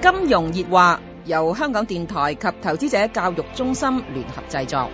金融熱話由香港電台及投資者教育中心聯合製作。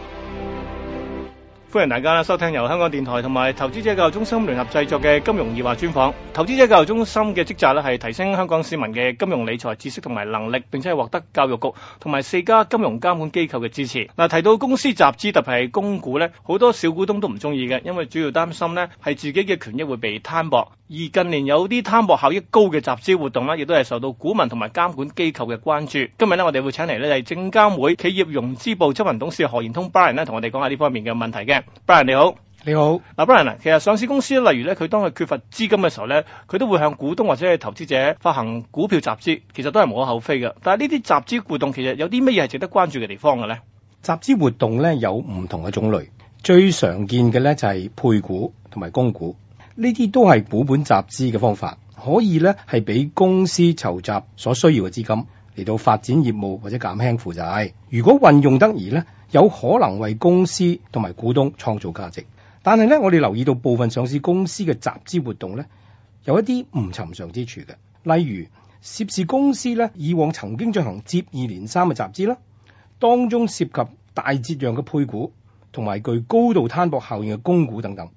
歡迎大家收聽由香港電台同埋投資者教育中心聯合製作嘅《金融熱話》專訪。投資者教育中心嘅職責咧係提升香港市民嘅金融理財知識同埋能力，並且係獲得教育局同埋四家金融監管機構嘅支持。嗱，提到公司集資，特別係供股咧，好多小股東都唔中意嘅，因為主要擔心咧係自己嘅權益會被攤薄。而近年有啲攤薄效益高嘅集資活動咧，亦都係受到股民同埋監管機構嘅關注。今日咧，我哋會請嚟咧係證監會企業融資部執行董事何賢通 Brian 咧，同我哋講下呢方面嘅問題嘅。Brian 你好，你好。嗱，Brian 啊，其實上市公司例如咧，佢當佢缺乏資金嘅時候咧，佢都會向股東或者係投資者發行股票集資，其實都係無可厚非嘅。但係呢啲集資活動其實有啲乜嘢係值得關注嘅地方嘅咧？集資活動咧有唔同嘅種類，最常見嘅咧就係配股同埋供股，呢啲都係股本集資嘅方法，可以咧係俾公司籌集所需要嘅資金。嚟到發展業務或者減輕負債，如果運用得宜呢，有可能為公司同埋股東創造價值。但係呢，我哋留意到部分上市公司嘅集資活動呢，有一啲唔尋常之處嘅。例如涉事公司呢，以往曾經進行接二連三嘅集資啦，當中涉及大折讓嘅配股同埋具高度攤薄效應嘅供股等等，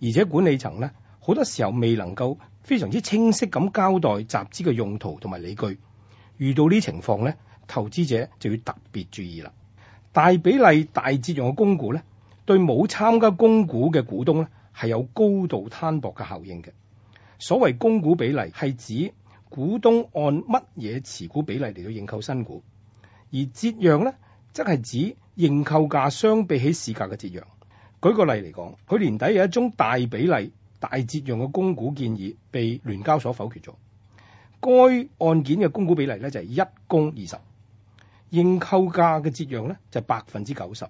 而且管理層呢，好多時候未能夠非常之清晰咁交代集資嘅用途同埋理據。遇到呢情況咧，投資者就要特別注意啦。大比例大折讓嘅供股咧，對冇參加供股嘅股東咧係有高度攤薄嘅效應嘅。所謂供股比例係指股東按乜嘢持股比例嚟到認購新股，而折讓咧則係指認購價相比起市價嘅折讓。舉個例嚟講，佢年底有一宗大比例大折讓嘅供股建議被聯交所否決咗。該案件嘅供股比例咧就係一供二十，認購價嘅折讓咧就百分之九十，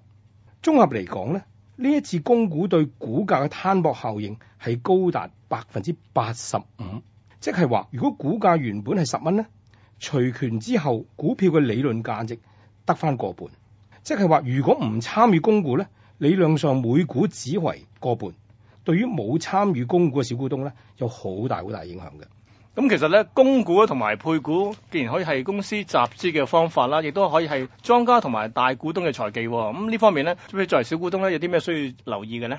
綜合嚟講咧，呢一次供股對股價嘅攤薄效應係高達百分之八十五，嗯、即係話，如果股價原本係十蚊咧，除權之後股票嘅理論價值得返個半，即係話，如果唔參與供股咧，理論上每股只為個半，對於冇參與供股嘅小股東咧，有好大好大影響嘅。咁其實咧，供股咧同埋配股，既然可以係公司集資嘅方法啦，亦都可以係莊家同埋大股東嘅財技。咁呢方面咧，特別作為小股東咧，有啲咩需要留意嘅呢？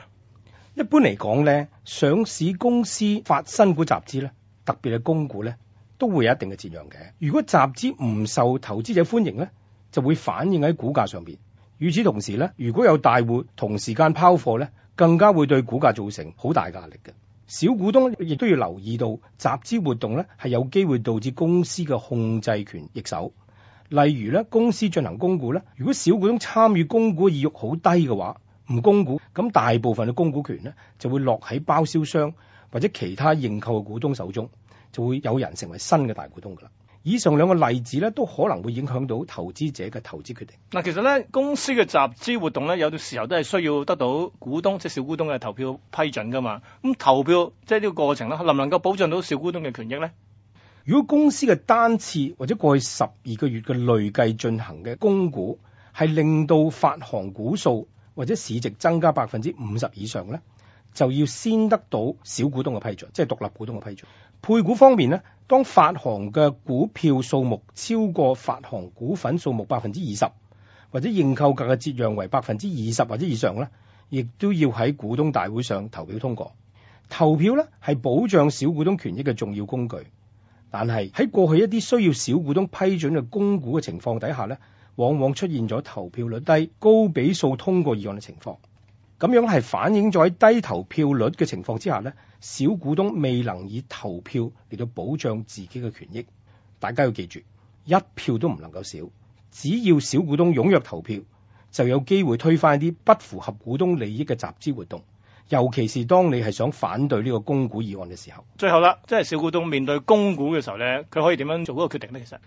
一般嚟講咧，上市公司發新股集資咧，特別係供股咧，都會有一定嘅折讓嘅。如果集資唔受投資者歡迎咧，就會反映喺股價上面。與此同時咧，如果有大戶同時間拋貨咧，更加會對股價造成好大嘅壓力嘅。小股東亦都要留意到集資活動咧，係有機會導致公司嘅控制權易手。例如咧，公司進行供股咧，如果小股東參與供股意欲好低嘅話，唔供股，咁大部分嘅供股權咧就會落喺包銷商或者其他認購嘅股東手中，就會有人成為新嘅大股東㗎喇。以上兩個例子咧，都可能會影響到投資者嘅投資決定嗱。其實咧，公司嘅集資活動咧，有啲時候都係需要得到股東即係小股東嘅投票批准噶嘛。咁投票即係呢個過程咧能唔能夠保障到小股東嘅權益咧？如果公司嘅單次或者過去十二個月嘅累計進行嘅供股係令到發行股數或者市值增加百分之五十以上咧，就要先得到小股東嘅批准，即係獨立股東嘅批准。配股方面呢，當發行嘅股票數目超過發行股份數目百分之二十，或者認購價嘅折讓為百分之二十或者以上呢，亦都要喺股東大會上投票通過。投票呢，係保障小股東權益嘅重要工具，但係喺過去一啲需要小股東批准嘅供股嘅情況底下呢，往往出現咗投票率低、高比數通過議案嘅情況。咁樣係反映咗喺低投票率嘅情況之下呢，小股東未能以投票嚟到保障自己嘅權益。大家要記住，一票都唔能夠少。只要小股東踴躍投票，就有機會推翻一啲不符合股東利益嘅集資活動。尤其是當你係想反對呢個供股議案嘅時候。最後啦，即係小股東面對供股嘅時候呢，佢可以點樣做嗰個決定呢？其實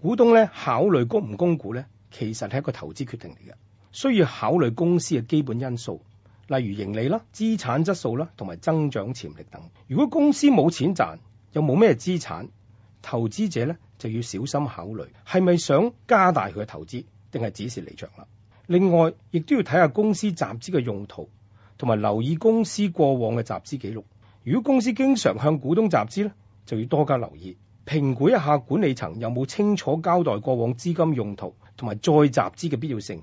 股東呢，考慮供唔供股呢，其實係一個投資決定嚟嘅。需要考慮公司嘅基本因素，例如盈利啦、資產質素啦，同埋增長潛力等。如果公司冇錢賺，又冇咩資產，投資者咧就要小心考慮，係咪想加大佢嘅投資，定係止蝕離場啦？另外，亦都要睇下公司集資嘅用途，同埋留意公司過往嘅集資記錄。如果公司經常向股東集資咧，就要多加留意，評估一下管理層有冇清楚交代過往資金用途，同埋再集資嘅必要性。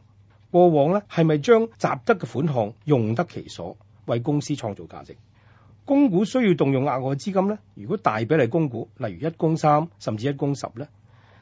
過往咧係咪將集得嘅款項用得其所，為公司創造價值？供股需要動用額外資金咧。如果大比例供股，例如一供三甚至一供十咧，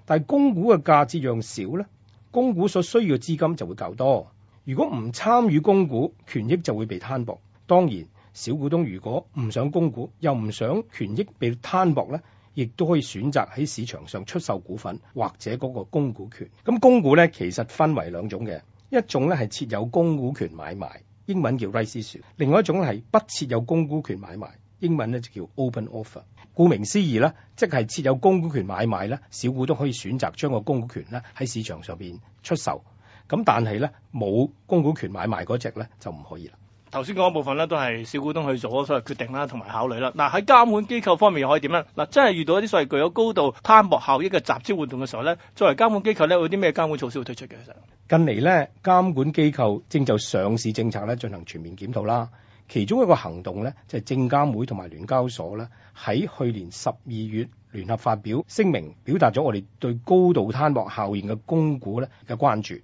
但係供股嘅價值量少咧，供股所需要嘅資金就會較多。如果唔參與供股，權益就會被攤薄。當然，小股東如果唔想供股，又唔想權益被攤薄咧，亦都可以選擇喺市場上出售股份或者嗰個供股權。咁供股咧，其實分為兩種嘅。一種咧係設有公股權買賣，英文叫 rights issue。另外一種咧係不設有公股權買賣，英文咧就叫 open offer。顧名思義咧，即係設有公股權買賣咧，小股東可以選擇將個公股權咧喺市場上邊出售。咁但係咧冇公股權買賣嗰隻咧就唔可以啦。頭先講一部分咧都係小股東去做咗所謂決定啦，同埋考慮啦。嗱喺監管機構方面可以點咧？嗱，真係遇到一啲所謂具有高度攤薄效益嘅集資活動嘅時候咧，作為監管機構咧會啲咩監管措施會推出嘅？其實近嚟呢監管機構正就上市政策呢進行全面檢討啦。其中一個行動呢，就係證監會同埋聯交所呢喺去年十二月聯合發表聲明，表達咗我哋對高度攤薄效應嘅供股呢嘅關注。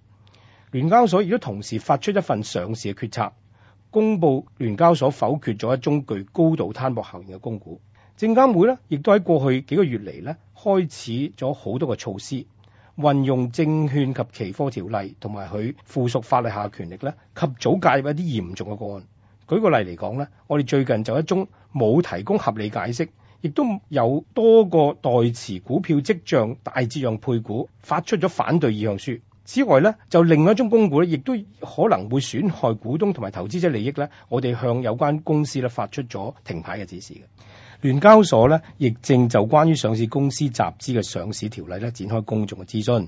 聯交所亦都同時發出一份上市嘅決策，公布聯交所否決咗一宗具高度攤薄效應嘅供股。證監會呢亦都喺過去幾個月嚟呢開始咗好多嘅措施。運用證券及期貨條例同埋佢附屬法律下權力咧，及早介入一啲嚴重嘅個案。舉個例嚟講咧，我哋最近就一宗冇提供合理解釋，亦都有多個代持股票跡象大折讓配股，發出咗反對意向書。此外咧，就另外一宗供股咧，亦都可能會損害股東同埋投資者利益咧，我哋向有關公司咧，發出咗停牌嘅指示嘅。聯交所咧，亦正就關於上市公司集資嘅上市條例咧，展開公眾嘅諮詢，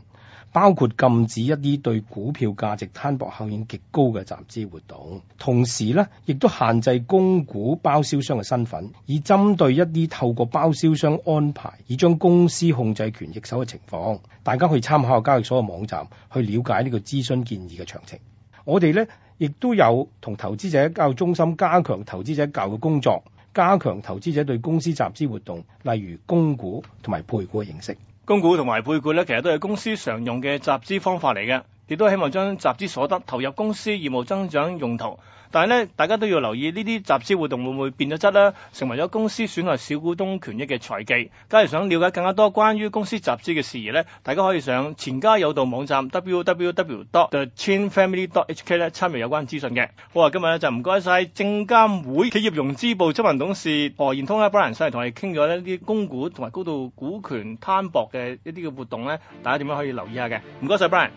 包括禁止一啲對股票價值攤薄效應極高嘅集資活動，同時呢，亦都限制供股包銷商嘅身份，以針對一啲透過包銷商安排以將公司控制權易手嘅情況。大家可以參考交易所嘅網站去了解呢個諮詢建議嘅詳情。我哋呢，亦都有同投資者教育中心加強投資者教育嘅工作。加強投資者對公司集資活動，例如供股同埋配股嘅認識。供股同埋配股咧，其實都係公司常用嘅集資方法嚟嘅。亦都希望將集資所得投入公司業務增長用途，但係咧，大家都要留意呢啲集資活動會唔會變咗質啦，成為咗公司損害小股東權益嘅財技。假如想了解更加多關於公司集資嘅事宜咧，大家可以上錢家有道網站 www.thechinfamily.hk 咧，參與有關資訊嘅。好啊，今日咧就唔該晒證監會企業融資部執行董事何延通啦。Brian 上嚟同我哋傾咗咧啲公股同埋高度股權攤薄嘅一啲嘅活動咧，大家點樣可以留意下嘅？唔該晒 Brian。